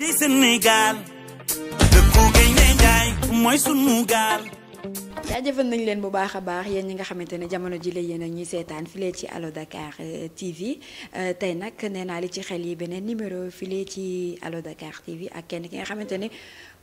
ci Sénégal dëkku Gaynde Njaay mooy sunu gaal jaajëfal nañ leen bu baax a baax yéen ñi nga xamante ne jamono ji la yéen ñuy seetaan file ci Allo Dakar euh, TV euh, tey nag nee naa li ci xel yi beneen numéro file ci Allo Dakar TV ak kenn ki nga xamante ne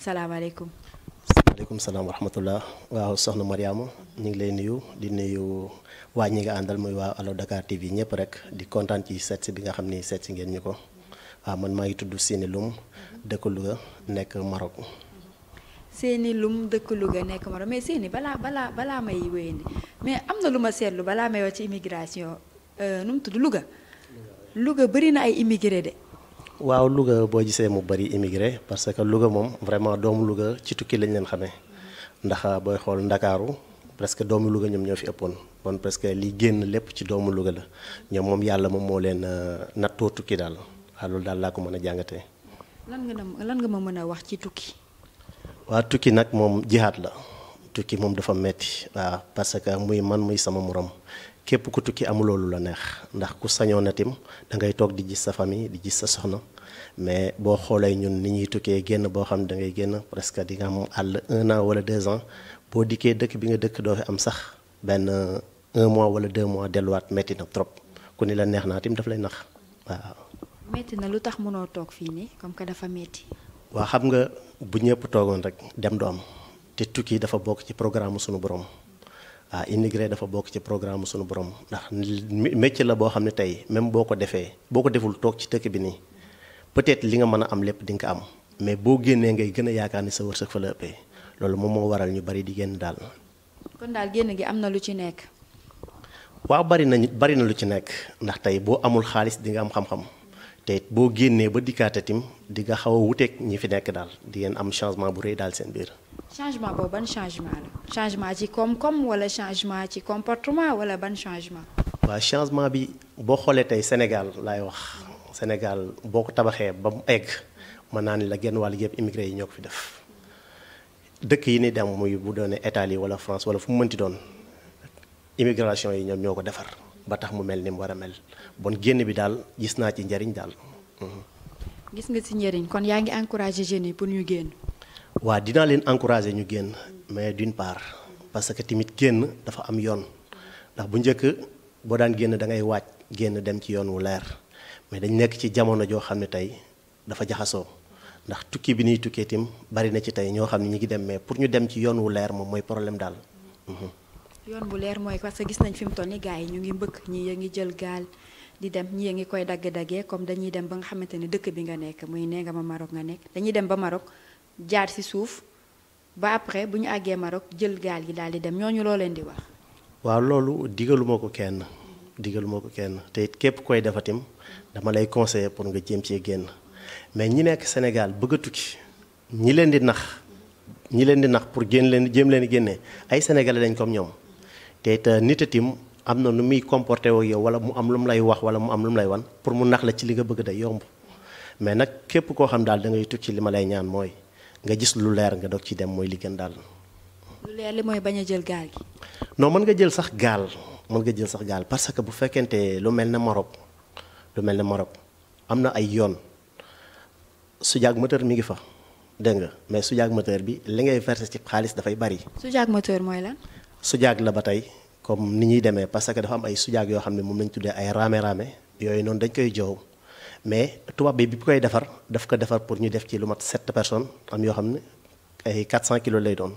Assalamualaikum. Assalamualaikum, salam wa rahmatullah wa soxna Mariama ñu ngi lay nuyu di nuyu wa ñi nga andal muy wa Allo Dakar TV ñep rek di kontaan ci set si bi nga xamni set ci ngeen ñuko wa ah, man ma ngi seni lum dekk lu Louga nek Maroc. lum dekk lu Louga nek Maroc mais seni bala bala bala may wéyandi mais amna luma sétlu bala may wa ci immigration eh, tuddu lu tudd lu Louga bari na ay immigré de. waaw Louga boo gisee mu bëri immigré parce que Louga moom vraiment doomu Louga ci tukki lañ leen xamee ndax booy xool Ndakaaru presque doomu Louga ñoom ñoo fi ëppoon kon presque li génn lépp ci doomu Louga la ñoom moom yàlla moom moo leen euh, nattoo tukki daal waaw loolu daal laa ko mën a jàngate lan nga lan nga ma mën a wax ci tukki. waa tukki nag moom jihaat la. tukki moom dafa metti waaw parce que muy man muy sama morom képp ku tukki amuloo lu la neex ndax ku sañoo na da ngay toog di gis sa famille di gis sa soxna mais boo xoolee ñun ni ñuy tukkee génn boo xam da ngay génn presque di nga am àll an wala deux ans boo dikkee dëkk bi nga dëkk doo am sax mois wala deux mois delluwaat metti na trop ku ni la neex naa tim daf lay nax waaw. metti na lu tax mënoo toog fii nii comme que dafa metti. waa xam nga bu ñëpp rek dem am. te tukki dafa bokk ci programme sunu borom ah immigré dafa bokk ci programme sunu borom ndax métier la boo xam ne tey même boo ko defee boo ko deful toog ci tëkk bi nii peut-être li nga mën a am lépp di nga ko am mais boo génnee ngay gën a yaakaar ni sa wërsëg fa la loolu moom moo waral ñu bari di génn daal. kon daal génn gi am na lu ci nekk. waaw bari nañu bari na lu ci nekk ndax tey boo amul xaalis di nga am xam-xam te boo génnee ba dikkaatatim di nga xaw a wuteeg ñi fi nekk daal di ngeen am changement bu rëy daal seen biir. changement boobu ban changement la changement ci koom-koom wala changement ci comportement wala ban changement. waa changement bi boo xoolee tey Sénégal laay wax Sénégal boo ko tabaxee ba mu egg mën naa ni la genn wàll yëpp immigré yi ñoo ko fi def dëkk yi ni dem muy bu doonee Italie wala France fu mu mënti doon immigration yi ñoom ñoo ko defar ba tax mu mel ni mu war a mel bon génn bi daal gis naa ci njariñ daal. gis nga ci njëriñ kon yaa ngi encouragé jeunes yi pour ñu génn. wa dina len encourager ñu genn mais d'une part parce que timit genn dafa am yoon ndax bu njëkk bo daan genn da ngay wacc genn dem ci yoon wu leer mais dañ nekk ci jamono jo xamni tay dafa jaxaso ndax tukki bi ni tukki tim bari na ci tay ño xamni ñi ngi dem mais pour ñu dem ci yoon wu leer moom moy problème dal mhm. yoon bu leer moy parce que gis nañ fim mu gaay ñu ngi mbëkk ñi ya ngi jël gaal di dem ñi ya ngi koy dagge dagge comme dañuy dem ba nga xamanteni ne dëkk bi nga nekk muy nee ma Maroc nga nekk dañuy dem ba Maroc jaar ci suuf ba après bu ñu àggee Maroc jël gaal yi daal di dem ñooñu loo leen di wax. waaw loolu digaluma ko kenn digaluma ko kenn te it képp koy defatim dama lay conseiller pour nga jéem cee génn mais ñi nekk Sénégal bëgg a tukki ñi leen di nax ñi leen di nax pour génn leen jéem leen génnee ay sénégalais lañ comme ñoom te it euh, nit itam am na nu muy comporté woo yow wala mu am lu mu lay wax wala mu am lu mu lay wan pour mu nax la ci li nga bëgg day yomb mais nag képp koo xam daal da ngay tukki li ma lay ñaan mooy. nga gis lu leer nga dog ci dem mooy li gën daal. lu leer li mooy bañ a jël gaal gi. non mën nga jël sax gaal mën nga jël sax gaal parce que bu fekkente lu mel ne Maroc lu mel ne Maroc am na ay yoon Soudiak moteur mi ngi fa dégg nga mais Soudiak moteur bi li ngay verser ci xaalis dafay bari. Soudiak moteur mooy lan. Soudiak la ba tey comme ni ñuy demee parce que dafa am ay Soudiak yoo xam ne moom nañ tuddee ay raame raame yooyu noonu dañ koy joow mais tubaab bi bi koy defar daf ko defar pour ñu def ci lu mat 7 personnes am yo xam ay 400 kilos lay doon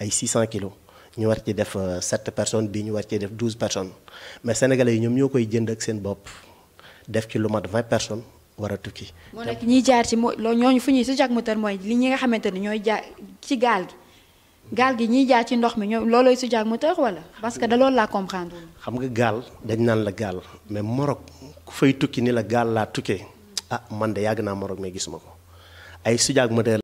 ay 600 kilos ñu war ci def 7 euh, personnes bi ñu war ci def 12 personnes mais sénégalais yi ñoom ñoo jënd ak seen bop def ci lu mat 20 personnes wara a tukki. moo nekk ñiy jaar ci moo ñooñu fu ñuy si jag moteur moy li ñi nga xamanteni ñoy ñooy jaar ci gal gi. gaal gi ñi jaar ci ndox mi ñoom loloy su jaag moteur wala parce que da loolu la comprendre. xam nga gal dañ nan la gal mais Maroc ku fay tukki ni la gaal laa tukkee a ah, man de yàgg naa Maroc mais gis ma ko ay sujaag modèle